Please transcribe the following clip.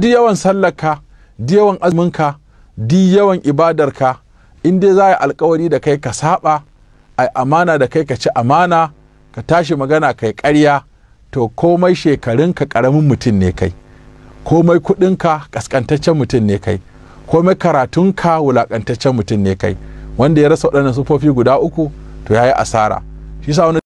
di yawan sallarka di yawan azuminka di yawan ibadarka in dai za a yi alkawari da kai ka saba a amana da kai ka ci amana ka tashi magana kai karya to komai shekarunka karamin mutum ne kai komai kudinka kaskantaccen mutum ne kai komai karatunka wulakantaccen mutum ne kai wanda ya rasa waɗannan sufofi guda uku to ya yi asara shi sa wani